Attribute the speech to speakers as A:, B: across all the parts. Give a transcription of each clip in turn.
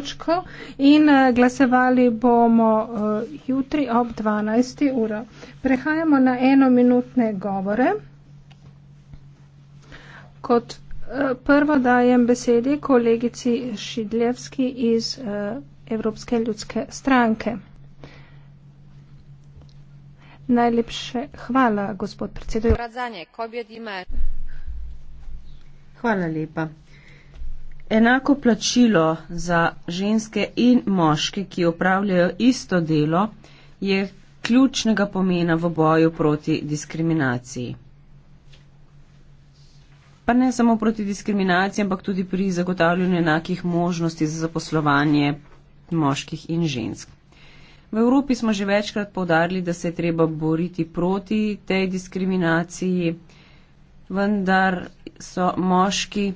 A: točko in eh, glasovali bomo eh, jutri ob 12. uro. Prehajamo na enominutne govore. Kot eh, prvo dajem besedi kolegici Šidljevski iz Evropske ljudske stranke.
B: Najlepše hvala, gospod predsedujoči. Hvala lepa enako plačilo za ženske in moške, ki opravljajo isto delo, je ključnega pomena v boju proti diskriminaciji. Pa ne samo proti diskriminaciji, ampak tudi pri zagotavljanju enakih možnosti za zaposlovanje moških in žensk. V Evropi smo že večkrat povdarili, da se je treba boriti proti tej diskriminaciji, vendar so moški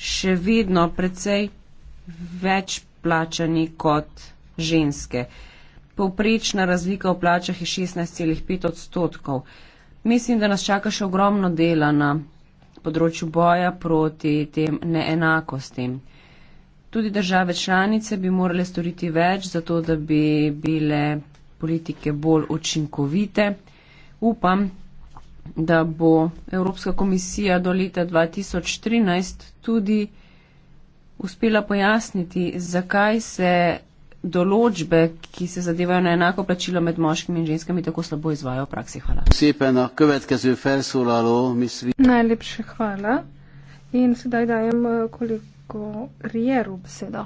B: še vedno precej več plačani kot ženske. Povprečna razlika v plačah je 16,5 odstotkov. Mislim, da nas čaka še ogromno dela na področju boja proti tem neenakostim. Tudi države članice bi morale storiti več, zato da bi bile politike bolj učinkovite. Upam, da bo Evropska komisija do leta 2013 tudi uspela pojasniti, zakaj se določbe, ki se zadevajo na enako plačilo med moškimi in ženskami, tako slabo izvajo v praksi. Hvala. Najlepše
A: hvala. In sedaj dajem eh, koliko. Rieru besedo.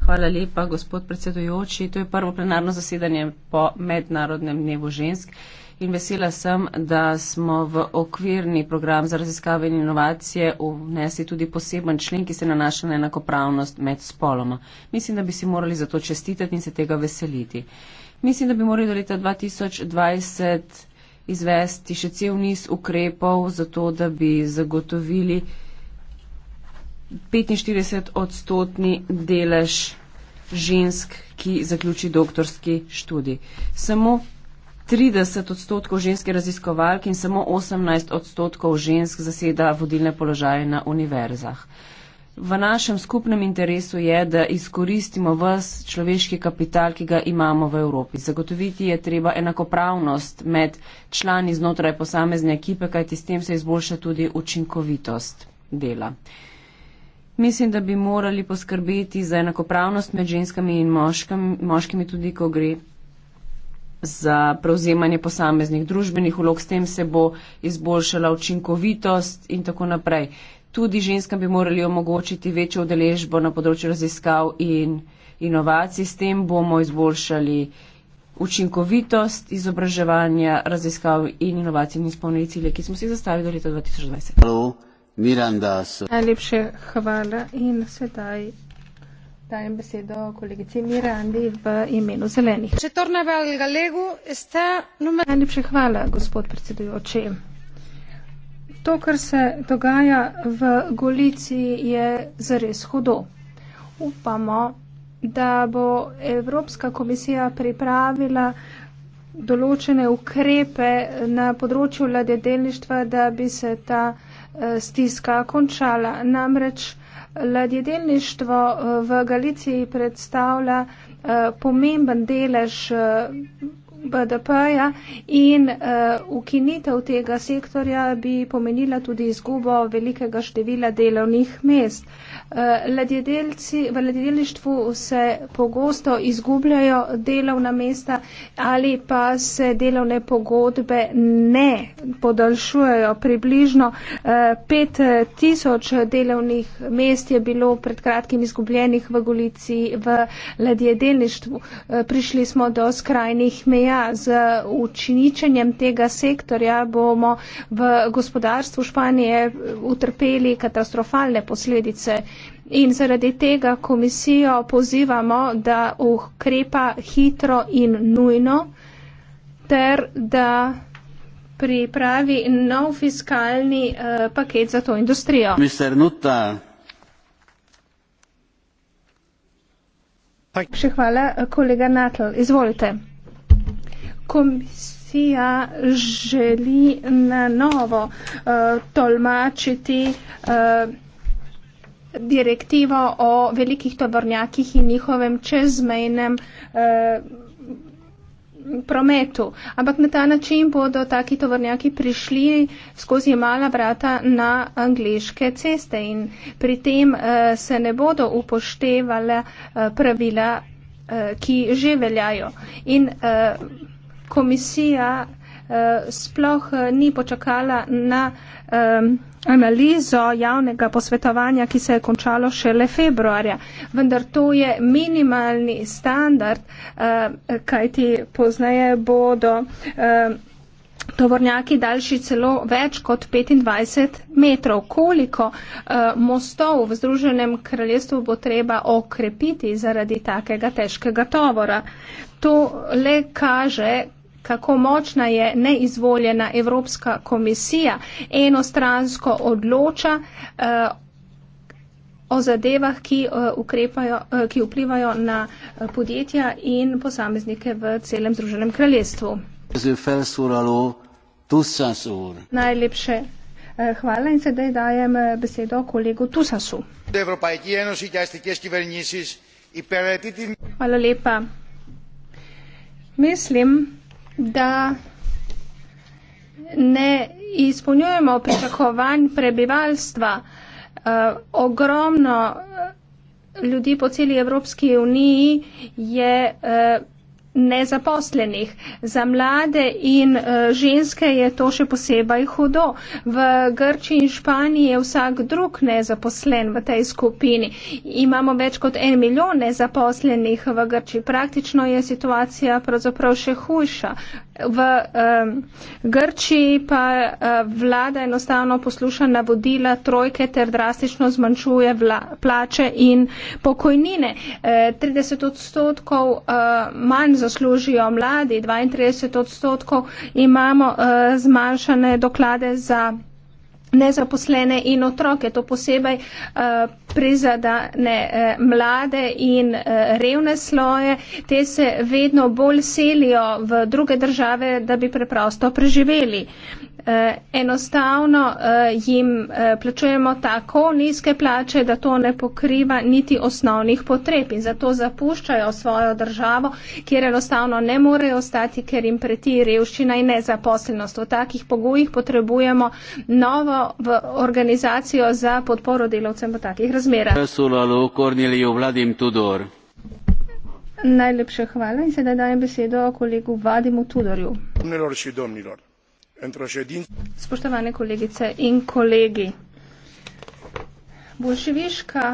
B: Hvala lepa, gospod predsedujoči. To je prvo plenarno zasedanje po mednarodnem dnevu žensk in vesela sem, da smo v okvirni program za raziskave in inovacije vnesli tudi poseben člen, ki se nanaša na enakopravnost med spoloma. Mislim, da bi si morali za to čestitati in se tega veseliti. Mislim, da bi morali do leta 2020 izvesti še cel niz ukrepov za to, da bi zagotovili 45 odstotni delež žensk, ki zaključi doktorski študij. Samo 30 odstotkov ženske raziskovalke in samo 18 odstotkov žensk zaseda vodilne položaje na univerzah. Uh, V našem skupnem interesu je, da izkoristimo vas človeški kapital, ki ga imamo v Evropi. Zagotoviti je treba enakopravnost med člani znotraj posamezne ekipe, kajti s tem se izboljša tudi učinkovitost dela. Mislim, da bi morali poskrbeti za enakopravnost med ženskami in moškami, moškimi tudi, ko gre za prevzemanje posameznih družbenih vlog, s tem se bo izboljšala učinkovitost in tako naprej. Tudi ženskam bi morali omogočiti večjo udeležbo na področju raziskav in inovacij. S tem bomo izboljšali učinkovitost izobraževanja raziskav in inovacij in izpolnili cilje, ki smo si zastavili do leta 2020. Najlepše
A: hvala in sedaj. Dajem besedo kolegici Mirandi v imenu zelenih. Četrna val Galegu sta numer. Najlepša hvala, gospod predsedujoči to, kar se dogaja v Golici, je zares hudo. Upamo, da bo Evropska komisija pripravila določene ukrepe na področju ladjedelništva, da bi se ta eh, stiska končala. Namreč ladjedelništvo eh, v Galiciji predstavlja eh, pomemben delež BDP-ja in uh, ukinitev tega sektorja bi pomenila tudi izgubo velikega števila delovnih mest. Uh, v ladjedeljstvu se pogosto izgubljajo delovna mesta ali pa se delovne pogodbe ne podaljšujejo. Približno uh, eh, 5000 delovnih mest je bilo pred kratkim izgubljenih v Goliciji v ladjedeljstvu. Uh, prišli smo do skrajnih mest Ja, z učiničenjem tega sektorja bomo v gospodarstvu Španije utrpeli katastrofalne posledice. In zaradi tega komisijo pozivamo, da ukrepa hitro in nujno ter da pripravi nov fiskalni uh, paket za to industrijo. Še hvala, kolega Natl. Izvolite komisija želi na novo uh, tolmačiti uh, direktivo o velikih tovornjakih in njihovem čezmejnem. Uh, Prometu. Ampak na ta način bodo taki tovornjaki prišli skozi mala vrata na angliške ceste in pri tem eh, se ne bodo upoštevala eh, pravila, eh, ki že veljajo. In, eh, komisija eh, sploh eh, ni počakala na analizo javnega posvetovanja, ki se je končalo šele februarja. Vendar to je minimalni standard, eh, kajti poznaje bodo tovornjaki daljši celo več kot 25 metrov. Koliko mostov v Združenem kraljestvu bo treba okrepiti zaradi takega težkega tovora? To le kaže, kako močna je neizvoljena Evropska komisija, enostransko odloča eh, o zadevah, ki, eh, ukrepajo, eh, ki vplivajo na podjetja in posameznike v celem Združenem kraljestvu. Najlepše hvala in sedaj dajem besedo kolegu Tusasu. Hvala lepa. Mislim, da ne izpolnjujemo pričakovanj prebivalstva. E, ogromno eh, ljudi po celi Evropski uniji je. E, nezaposlenih. Za mlade in eh, ženske je to še posebej hudo. V Grčiji in Španiji je vsak drug nezaposlen v tej skupini. Imamo več kot en milijon nezaposlenih v Grčiji. Praktično je situacija pravzaprav še hujša v um, Grčiji pa uh, vlada enostavno posluša navodila trojke ter drastično zmanjšuje vla, plače in pokojnine. Uh, eh, 30 odstotkov uh, manj zaslužijo mladi, 32 odstotkov imamo uh, zmanjšane doklade za nezaposlene in otroke. To posebej uh, eh, prizadane uh, eh, mlade in uh, revne sloje. Te se vedno bolj selijo v druge države, da bi preprosto preživeli. Enostavno jim plačujemo tako nizke plače, da to ne pokriva niti osnovnih potreb in zato zapuščajo svojo državo, kjer enostavno ne morejo ostati, ker jim preti revščina in nezaposlenost. V takih pogojih potrebujemo novo v organizacijo za podporo delavcem v takih razmerah. Najlepše hvala in sedaj dajem besedo kolegu Vadimu Tudorju. Spoštovane kolegice in kolegi. Bolševiška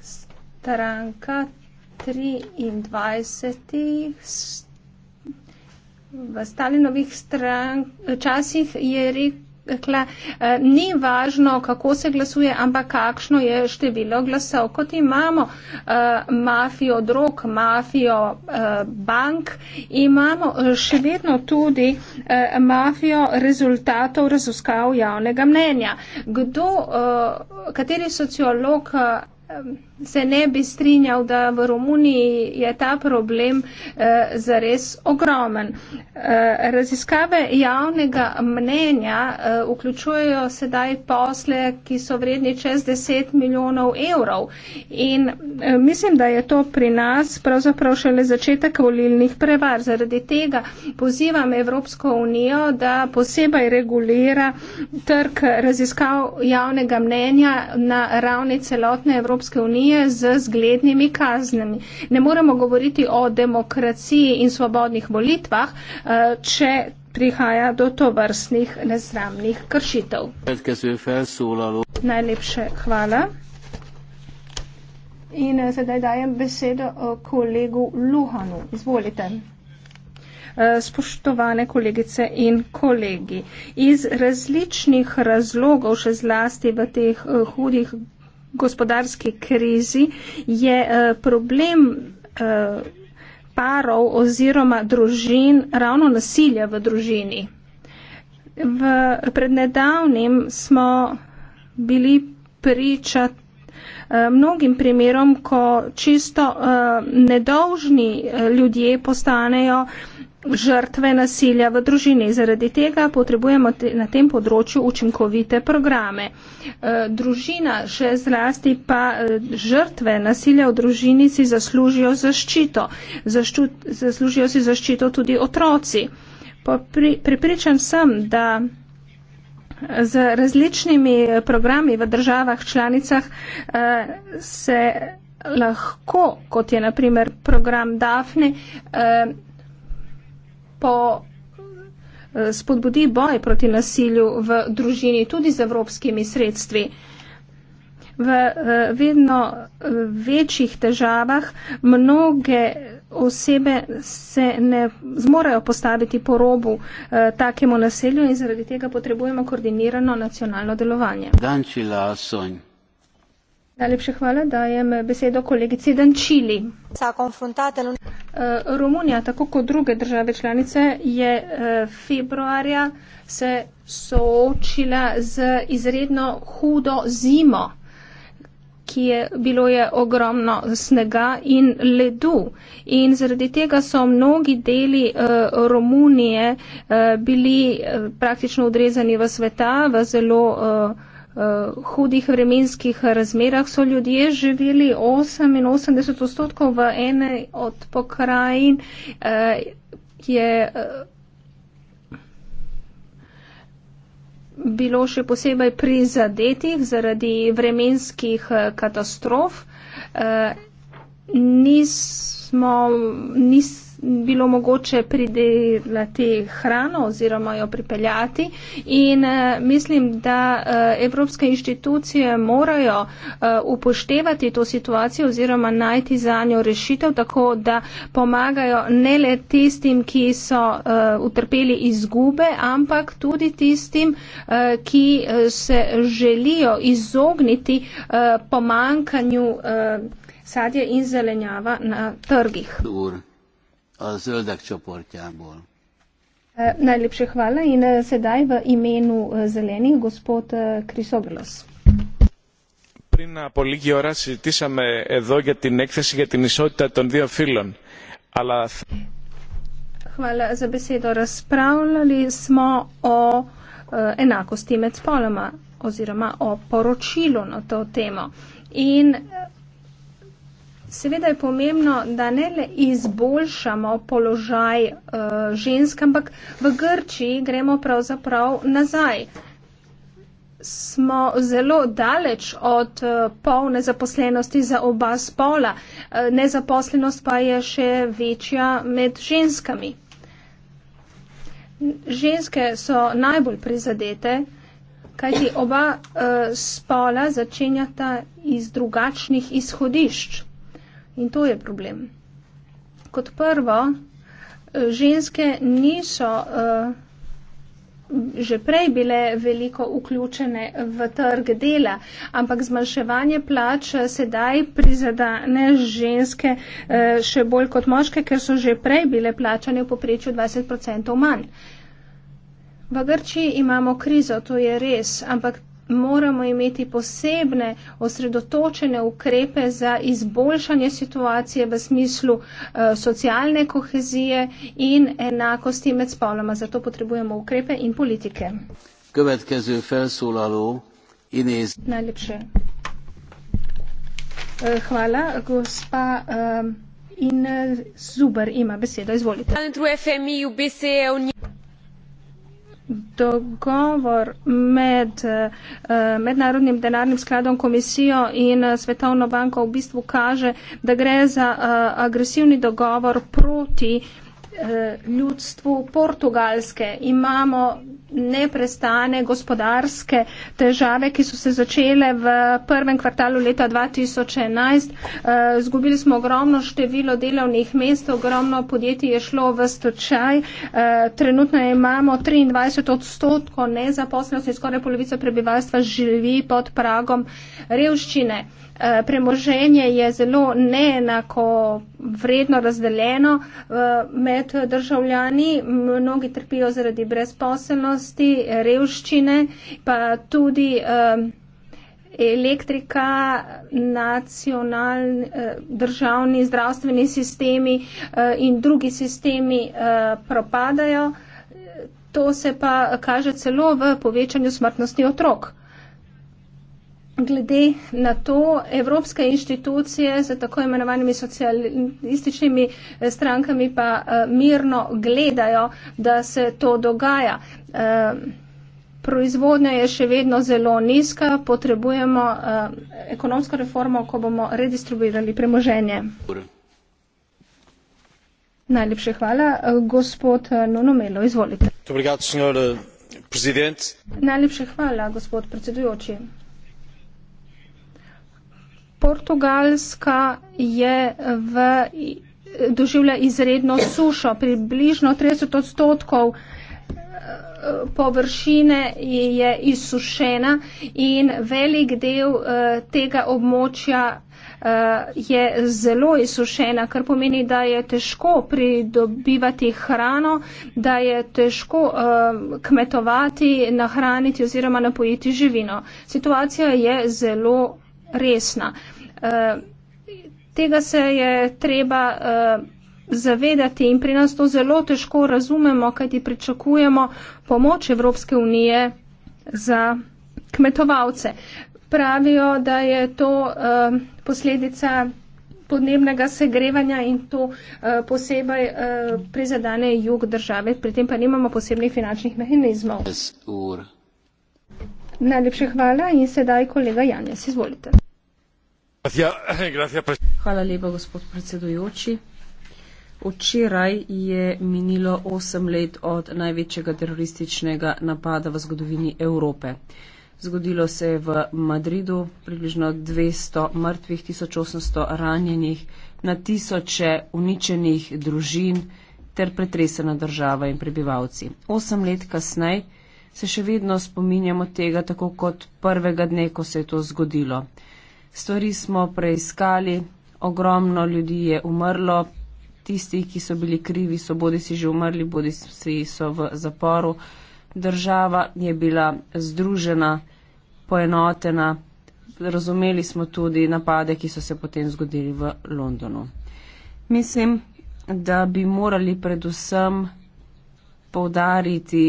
A: stranka 23. v Stalinovih strank, časih je rekel, rekla, eh, ni važno, kako se glasuje, ampak kakšno je število glasov. Kot imamo eh, mafijo drog, mafijo eh, bank, imamo še vedno tudi mafijo rezultatov raziskav javnega mnenja. Kdo, kateri sociolog se ne bi strinjal, da v Romuniji je ta problem eh, zares ogromen. Eh, raziskave javnega mnenja eh, vključujejo sedaj posle, ki so vredni čez 10 milijonov evrov in eh, mislim, da je to pri nas pravzaprav šele začetek volilnih prevar. Zaradi tega pozivam Evropsko unijo, da posebej regulira trg raziskav javnega mnenja na ravni celotne Evropske unije Evropske unije z zglednimi kaznami. Ne moremo govoriti o demokraciji in svobodnih volitvah, eh, če prihaja do tovrstnih nezramnih kršitev. Najlepše hvala. In eh, sedaj dajem besedo eh, kolegu Luhanu. Izvolite. Spoštovane kolegice in kolegi, iz različnih razlogov, še zlasti v teh hudih gospodarski krizi je eh, problem eh, parov oziroma družin ravno nasilja v družini. V prednedavnim smo bili priča eh, mnogim primerom, ko čisto nedolžni ljudje postanejo žrtve nasilja v družini. Zaradi tega potrebujemo te, na tem področju učinkovite programe. E, družina, še zlasti pa eh, žrtve nasilja v družini si zaslužijo zaščito. Zašču, zaslužijo si zaščito tudi otroci. Pri, pripričan sem, da eh, z različnimi programi v državah članicah e, se lahko, kot je naprimer program DAFNE, e, po, eh, spodbudi boj proti nasilju v družini tudi z evropskimi sredstvi. V eh, vedno eh, večjih težavah mnoge osebe se ne zmorejo postaviti po robu eh, takemu naselju in zaradi tega potrebujemo koordinirano nacionalno delovanje. Dančila, Najlepša hvala, dajem besedo kolegici Dančili. Eh, Romunija, tako kot druge države članice, je eh, februarja se soočila z izredno hudo zimo, ki je bilo je ogromno snega in ledu. In zaradi tega so mnogi deli eh, Romunije bili praktično odrezani v sveta, v zelo uh, hudih vremenskih razmerah so ljudje živeli 88 odstotkov v ene od pokrajin, uh, eh, ki je uh, bilo še posebej prizadetih zaradi vremenskih katastrof. Uh, nismo, nis, bilo mogoče pridelati hrano oziroma jo pripeljati. In eh, mislim, da eh, evropske inštitucije morajo eh, upoštevati to situacijo oziroma najti za njo rešitev, tako da pomagajo ne le tistim, ki so utrpeli izgube, ampak tudi tistim, ki se želijo izogniti pomankanju sadja in zelenjava na trgih.
C: Dobro a zöldek csoportjából.
A: Eh, Najlepše hvala in eh, sedaj v imenu eh, zelenih gospod Krisoglos.
C: Πριν από λίγη ώρα
A: συζητήσαμε εδώ για την έκθεση για την ισότητα των δύο φίλων. Αλλά... Hvala za besedo. Razpravljali smo o uh, enakosti med spoloma oziroma o poročilu na to temo. In Seveda je pomembno, da ne le izboljšamo položaj uh, žensk, ampak v Grčiji gremo pravzaprav nazaj. Smo zelo daleč od eh, polne zaposlenosti za oba spola, eh, nezaposlenost pa je še večja med ženskami. Ženske so najbolj prizadete, kajti oba spola začenjata iz drugačnih izhodišč. In to je problem. Kot prvo, ženske niso eh, že prej bile veliko vključene v trg dela, ampak zmanjševanje plač eh, sedaj prizadane ženske eh, še bolj kot moške, ker so že prej bile plačane v poprečju 20% manj. V Grčiji imamo krizo, to je res, ampak moramo imeti posebne osredotočene ukrepe za izboljšanje situacije v smislu eh, socialne kohezije in enakosti med spoloma. Zato potrebujemo ukrepe in politike. Iniz... Najlepše. Eh, hvala, gospa. Eh, in eh, Zuber ima besedo. Izvolite dogovor med eh, Mednarodnim denarnim skladom, komisijo in eh, Svetovno banko v bistvu kaže, da gre za eh, agresivni dogovor proti ljudstvu Portugalske. Imamo neprestane gospodarske težave, ki so se začele v prvem kvartalu leta 2011. Eh, Zgubili smo ogromno število delovnih mest, ogromno podjetij je šlo v stočaj. Eh, trenutno imamo 23 odstotkov nezaposlenosti, skoraj polovica prebivalstva živi pod pragom revščine. Eh, premoženje je zelo neenako vredno razdeljeno eh, med državljani. Mnogi trpijo zaradi brezposelnosti, revščine, pa tudi eh, elektrika, nacionalni, državni, zdravstveni sistemi in drugi sistemi propadajo. To se pa kaže celo v povečanju smrtnosti otrok glede na to evropske inštitucije z tako imenovanimi socialističnimi eh, strankami pa eh, mirno gledajo, da se to dogaja. Eh, proizvodnja je še vedno zelo nizka, potrebujemo ekonomsko reformo, ko bomo redistribuirali premoženje. Najlepše hvala. Gospod Nunomelo, izvolite. Obrigado, Najlepše hvala, gospod predsedujoči. Portugalska je v, doživlja izredno sušo, približno 30 odstotkov eh, površine je izsušena in velik del uh, tega območja uh, je zelo izsušena, kar pomeni, da je težko pridobivati hrano, da je težko uh, kmetovati, nahraniti oziroma napojiti živino. Situacija je zelo resna. E, tega se je treba e, zavedati in pri nas to zelo težko razumemo, kajti pričakujemo pomoč Evropske unije za kmetovalce. Pravijo, da je to e, posledica podnebnega segrevanja in to e, posebej e, prizadane jug države, pri tem pa nimamo posebnih finančnih mehanizmov. Najlepše hvala in sedaj kolega Janjas, izvolite.
B: Ja, Hvala lepa, gospod predsedujoči. Včeraj je minilo osem let od največjega terorističnega napada v zgodovini Evrope. Zgodilo se je v Madridu približno 200 mrtvih, 1800 ranjenih, na tisoče uničenih družin ter pretresena država in prebivalci. Osem let kasneje se še vedno spominjamo tega, tako kot prvega dne, ko se je to zgodilo stvari smo preiskali, ogromno ljudi je umrlo, tisti, ki so bili krivi, so bodi si že umrli, bodi si so v zaporu. Država je bila združena, poenotena, razumeli smo tudi napade, ki so se potem zgodili v Londonu. Mislim, da bi morali predvsem poudariti,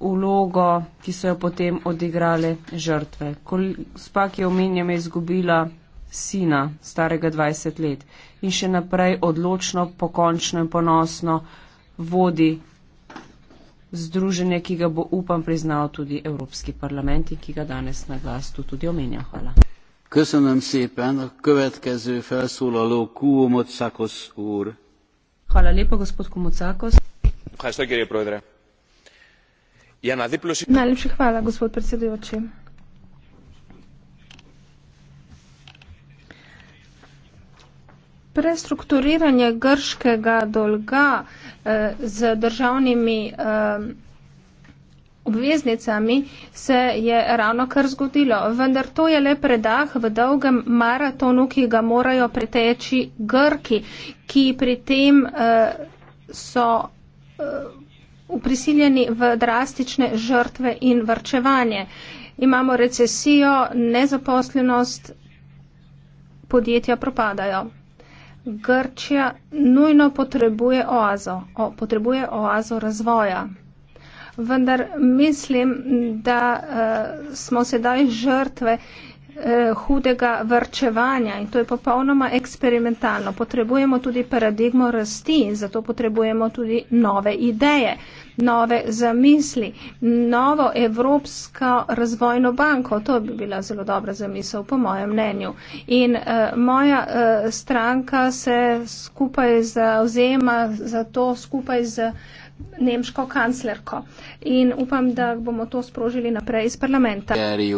B: vlogo, ki so jo potem odigrale žrtve. Gospa, ki je omenjam, je izgubila sina, starega 20 let in še naprej odločno, pokončno in ponosno vodi združenje, ki ga bo upam priznal tudi Evropski parlament in ki ga danes na glas tu tudi omenja. Hvala.
C: Hvala lepa, gospod Komocakos.
B: Hvala lepa, gospod Komocakos.
C: Najlepša
B: hvala, gospod predsedujoči.
A: Prestrukturiranje grškega dolga, eh, z državnimi, eh, obveznicami se je ravnokar zgodilo, vendar to je le predah v dolgem maratonu, ki ga morajo preteči Grki, ki pri tem, eh, so, prisiljeni v drastične žrtve in vrčevanje. Imamo recesijo, nezaposlenost, podjetja propadajo. Grčija nujno potrebuje oazo, o, potrebuje oazo razvoja. Vendar mislim, da uh, smo sedaj žrtve uh, eh, hudega vrčevanja in to je popolnoma eksperimentalno. Potrebujemo tudi paradigmo rasti in zato potrebujemo tudi nove ideje, nove zamisli, novo Evropsko razvojno banko. To bi bila zelo dobra zamisel, po mojem mnenju. In eh, moja eh, stranka se skupaj zauzema za to, skupaj z nemško kanclerko. In upam, da bomo to sprožili naprej iz parlamenta. Jari,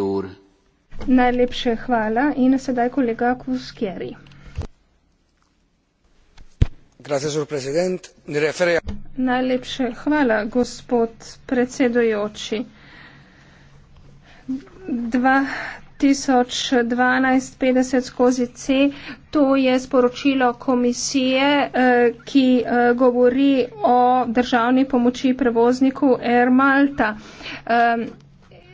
A: Najlepše hvala in sedaj kolega Kuskeri. Najlepše hvala, gospod predsedujoči. 2012-50 skozi C, to je sporočilo komisije, eh, ki eh, govori o državni pomoči prevozniku Air Malta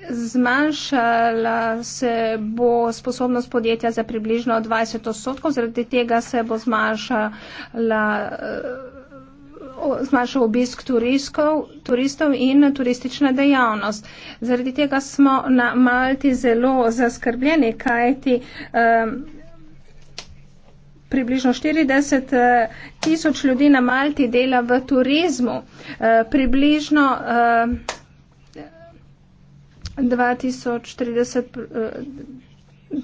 A: zmanjšala se bo sposobnost podjetja za približno 20 odstotkov, zaradi tega se bo zmanjšala eh, zmanjšal obisk turistov, turistov in turistična dejavnost. Zaradi tega smo na Malti zelo zaskrbljeni, kajti um, približno 40 eh, tisoč ljudi na Malti dela v turizmu. Uh, približno uh, 2030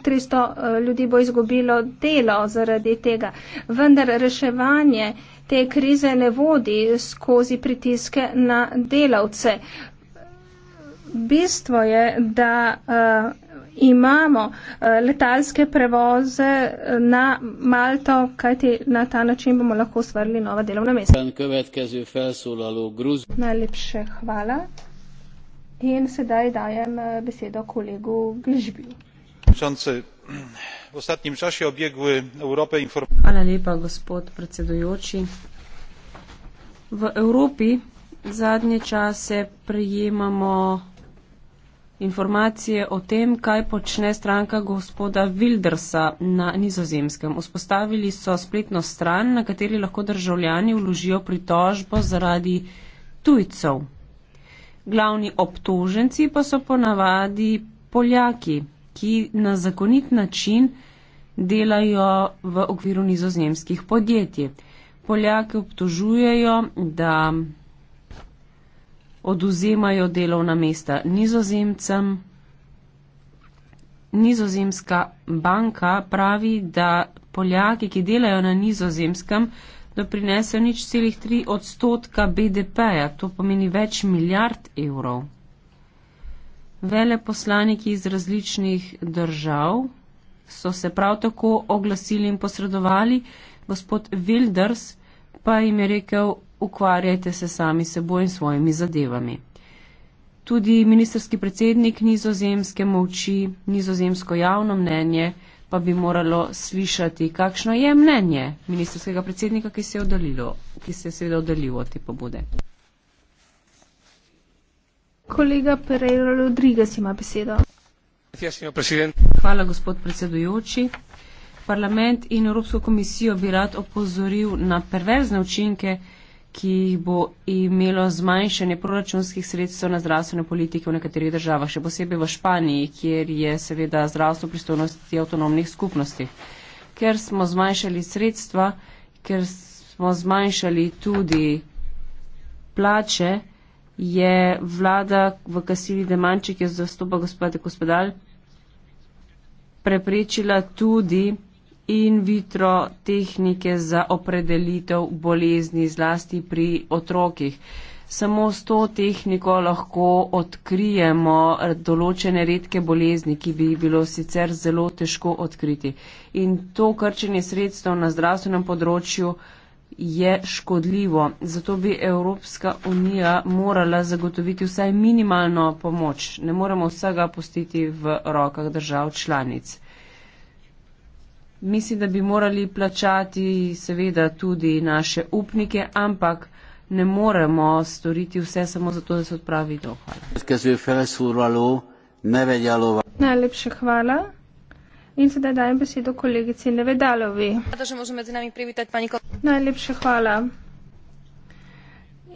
A: 300 eh, eh, ljudi bo izgubilo delo zaradi tega. Vendar reševanje te krize ne vodi skozi pritiske na delavce. Bistvo je, da eh, imamo letalske prevoze na Malto, kajti na ta način bomo
C: lahko ustvarili nova delovna mesta.
A: Najlepše hvala. In sedaj dajem eh, besedo kolegu Gližbiju.
C: V ostatnjem času je objegla Evropa informacije.
B: Hvala lepa, gospod predsedujoči. V Evropi zadnje čase prejemamo informacije o tem, kaj počne stranka gospoda Wildersa na nizozemskem. Vzpostavili so spletno stran, na kateri lahko državljani vložijo pritožbo zaradi tujcev. Glavni obtuženci pa so ponavadi Poljaki, ki na zakonit način delajo v okviru nizozemskih podjetij. Poljake obtožujejo, da oduzemajo delovna mesta nizozemcem. Nizozemska banka pravi, da Poljaki, ki delajo na nizozemskem, doprinese nič celih tri odstotka BDP-ja, to pomeni več milijard evrov. Veleposlaniki iz različnih držav so se prav tako oglasili in posredovali, gospod Wilders pa jim je rekel, ukvarjajte se sami seboj in svojimi zadevami. Tudi ministerski predsednik nizozemske moči, nizozemsko javno mnenje, pa bi moralo slišati, kakšno je mnenje ministrskega predsednika, ki se je, odalilo, ki se je seveda oddaljil od te pobude.
A: Kolega Pereira Rodriguez ima besedo.
B: Hvala, gospod predsedujoči. Parlament in Evropsko komisijo bi rad opozoril na perverzne učinke, ki bo imelo zmanjšanje proračunskih sredstev na zdravstvene politike v nekaterih državah, še posebej v Španiji, kjer je seveda zdravstvo pristojnosti avtonomnih skupnosti. Ker smo zmanjšali sredstva, ker smo zmanjšali tudi plače, je vlada v Kasili Demanček, ki je zastopa gospod Gospodal, preprečila tudi in vitro tehnike za opredelitev bolezni, zlasti pri otrokih. Samo s to tehniko lahko odkrijemo določene redke bolezni, ki bi jih bilo sicer zelo težko odkriti. In to krčenje sredstev na zdravstvenem področju je škodljivo. Zato bi Evropska unija morala zagotoviti vsaj minimalno pomoč. Ne moremo vsega pustiti v rokah držav članic. Mislim, da bi morali plačati seveda tudi naše upnike, ampak ne moremo storiti vse samo zato, da se odpravi
C: dolg.
A: Najlepše hvala. In sedaj dajem besedo kolegici Nevedalovi. Najlepše hvala.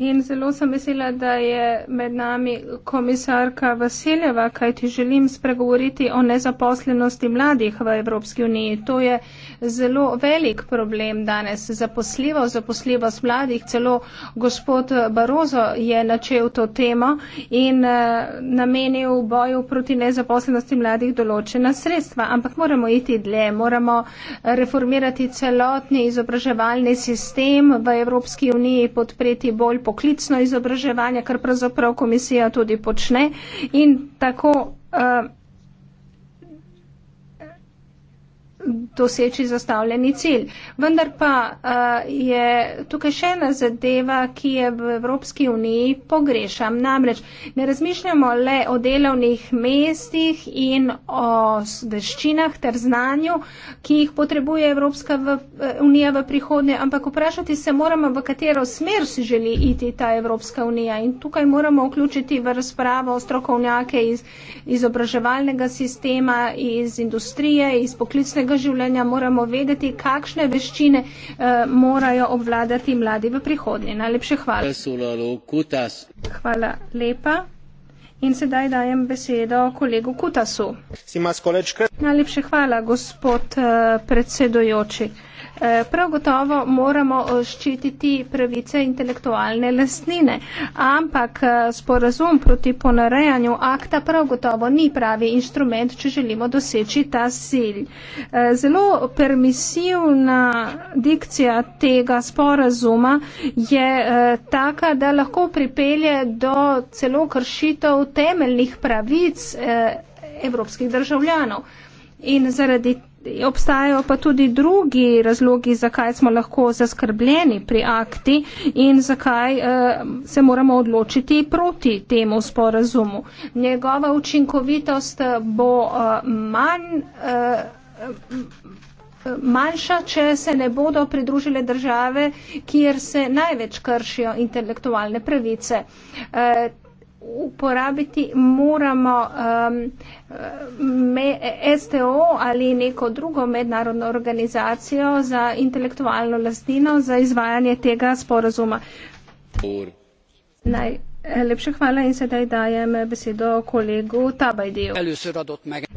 A: In zelo sem vesela, da je med nami komisarka Vaseljeva, kaj ti želim spregovoriti o nezaposlenosti mladih v Evropski uniji. To je zelo velik problem danes. Zaposljivo, zaposljivo s mladih, celo gospod Barozo je načel to temo in uh, namenil boju proti nezaposlenosti mladih določena sredstva. Ampak moramo iti dlje, moramo reformirati celotni izobraževalni sistem v Evropski uniji, podpreti bolj poklicno izobraževanje, kar pravzaprav komisija tudi počne. In tako uh, doseči zastavljeni cilj. Vendar pa uh, je tukaj še ena zadeva, ki je v Evropski uniji pogrešam. Namreč ne razmišljamo le o delovnih mestih in o veščinah ter znanju, ki jih potrebuje Evropska v, eh, unija v prihodnje, ampak vprašati se moramo, v katero smer si želi iti ta Evropska unija. In tukaj moramo vključiti v razpravo strokovnjake iz izobraževalnega sistema, iz industrije, iz poklicnega svojega življenja moramo vedeti, kakšne veščine uh, morajo obvladati mladi v prihodnje. Najlepše
C: hvala.
A: Hvala lepa. In sedaj dajem besedo kolegu Kutasu. Najlepše hvala, gospod uh, eh, predsedojoči. Eh, prav gotovo moramo ščititi pravice intelektualne lastnine, ampak eh, sporazum proti ponarejanju akta prav gotovo ni pravi inštrument, če želimo doseči ta cilj. Eh, zelo permisivna dikcija tega sporazuma je taka, da lahko pripelje do celo kršitev temeljnih pravic evropskih državljanov. In zaradi Obstajajo pa tudi drugi razlogi, zakaj smo lahko zaskrbljeni pri akti in zakaj eh, se moramo odločiti proti temu sporazumu. Njegova učinkovitost bo eh, manj. Eh, manjša, če se ne bodo pridružile države, kjer se največ kršijo intelektualne pravice. Eh, uporabiti, moramo um, me, STO ali neko drugo mednarodno organizacijo za intelektualno lastnino za izvajanje tega sporazuma. Naj, lepše hvala in sedaj dajem besedo kolegu Tabajdiju.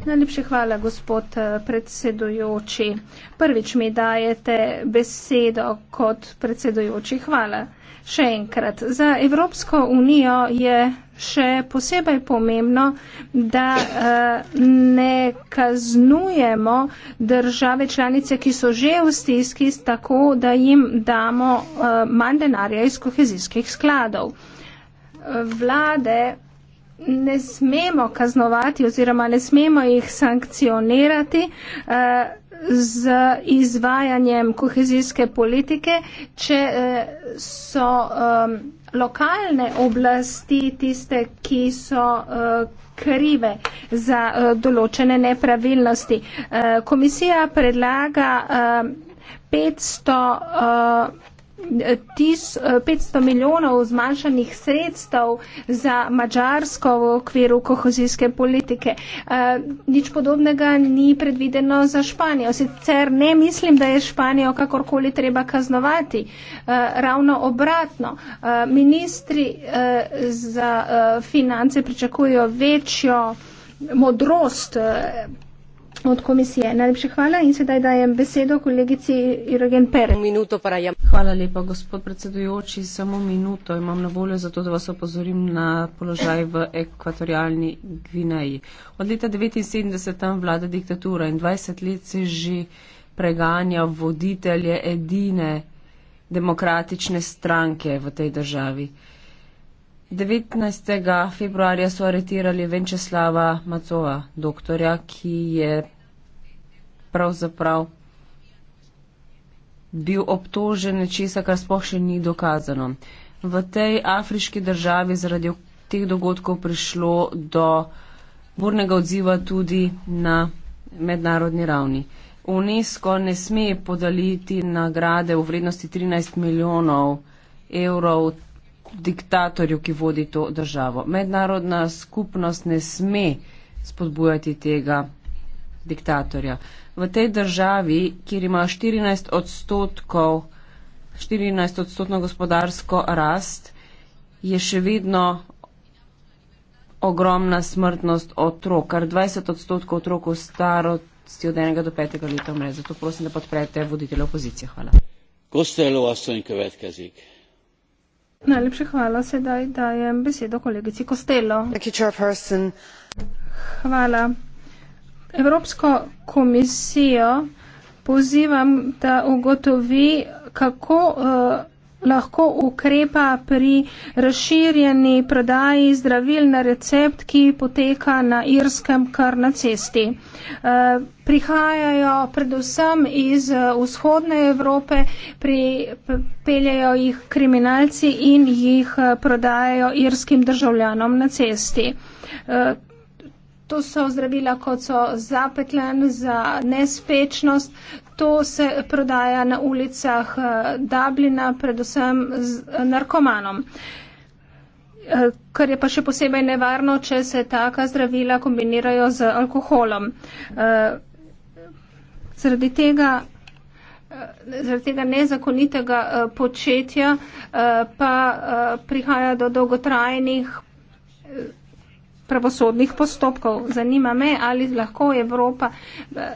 A: Najlepše hvala, gospod eh, predsedujoči. Prvič mi dajete besedo kot predsedujoči. Hvala. Še enkrat. Za Evropsko unijo je še posebej pomembno, da eh, ne kaznujemo države članice, ki so že v stiski, tako da jim damo eh, manj denarja iz kohezijskih skladov. Vlade ne smemo kaznovati oziroma ne smemo jih sankcionirati. Eh, z izvajanjem kohezijske politike, če eh, so um, lokalne oblasti tiste, ki so uh, krive za uh, določene nepravilnosti. Uh, komisija predlaga uh, 500. Uh, tis, 500 eh, milijonov zmanjšanih sredstev za Mačarsko v okviru kohozijske politike. Eh, nič podobnega ni predvideno za Španijo. Sicer ne mislim, da je Španijo kakorkoli treba kaznovati. Eh, ravno obratno, ministri za finance pričakujejo večjo modrost od komisije. Najlepša hvala in sedaj dajem besedo kolegici Jürgen
B: Peren. Hvala lepa, gospod predsedujoči. Samo minuto imam na voljo, zato da vas opozorim na položaj v ekvatorialni Gvineji. Od leta 1979 tam vlada diktatura in 20 let se že preganja voditelje edine demokratične stranke v tej državi. 19. februarja so aretirali Venčeslava Macova, doktorja, ki je pravzaprav bil obtožen nečesa, kar sploh še ni dokazano. V tej afriški državi zaradi teh dogodkov prišlo do burnega odziva tudi na mednarodni ravni. UNESCO ne sme podaliti nagrade v vrednosti 13 milijonov evrov diktatorju, ki vodi to državo. Mednarodna skupnost ne sme spodbujati tega diktatorja. Uh, v tej državi, kjer ima 14 odstotkov, 14 odstotno gospodarsko rast, je še vedno ogromna smrtnost otrok, kar 20 odstotkov otrok v starosti od 1 do 5 leta umre. Zato prosim, da podprete voditele opozicije. Hvala. Najlepša hvala, sedaj dajem besedo kolegici Kostelo.
A: Hvala. Evropsko komisijo pozivam, da ugotovi, kako eh, lahko ukrepa pri razširjeni prodaji zdravil na recept, ki poteka na Irskem kar na cesti. E, prihajajo predvsem iz eh, vzhodne Evrope, peljajo jih kriminalci in jih prodajajo irskim državljanom na cesti. E, To so zdravila, kot so zapeklen, za nespečnost. To se prodaja na ulicah eh, Dublina, predvsem z eh, narkomanom. Eh, kar je pa še posebej nevarno, če se taka zdravila kombinirajo z alkoholom. Zaradi tega, zaradi tega nezakonitega početja pa prihaja do dolgotrajnih pravosodnih postopkov. Zanima me, ali lahko Evropa eh,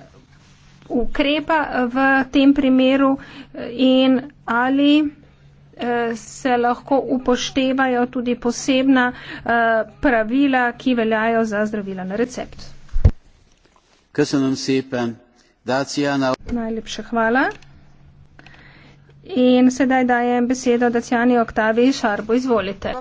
A: ukrepa eh, v tem primeru eh, in ali se lahko upoštevajo tudi posebna pravila, ki veljajo za zdravila na recept. Najlepša hvala. In sedaj dajem besedo Dacijani Oktavi Šarbo. Izvolite.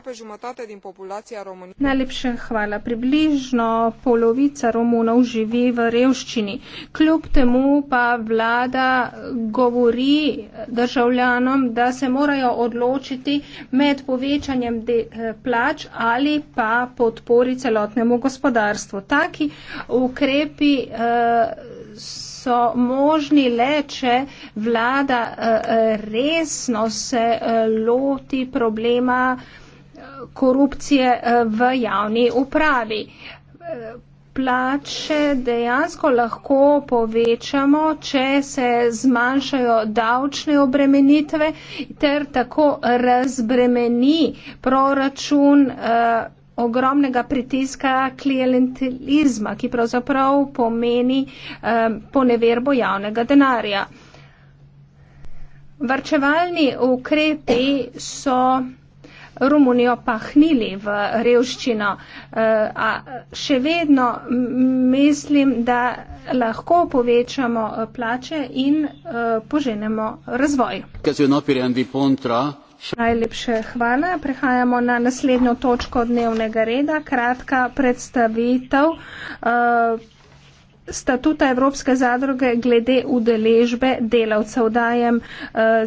A: Najlepše hvala. Približno polovica Romunov živi v revščini. Kljub temu pa vlada govori državljanom, da se morajo odločiti med povečanjem de, eh, plač ali pa podpori celotnemu gospodarstvu. Taki ukrepi. Uh, so možni le, če vlada eh, resno se eh, loti problema eh, korupcije v javni upravi. Plače dejansko lahko povečamo, če se zmanjšajo davčne obremenitve ter tako razbremeni proračun. Eh, ogromnega pritiska klientelizma, ki pravzaprav pomeni um, poneverbo javnega denarja. Varčevalni ukrepi so Romunijo pahnili v revščino, uh, a še vedno mislim, da lahko povečamo eh, plače in uh, poženemo razvoj. Najlepše hvala. Prehajamo na naslednjo točko dnevnega reda. Kratka predstavitev uh, statuta Evropske zadruge glede udeležbe delavcev. Dajem uh,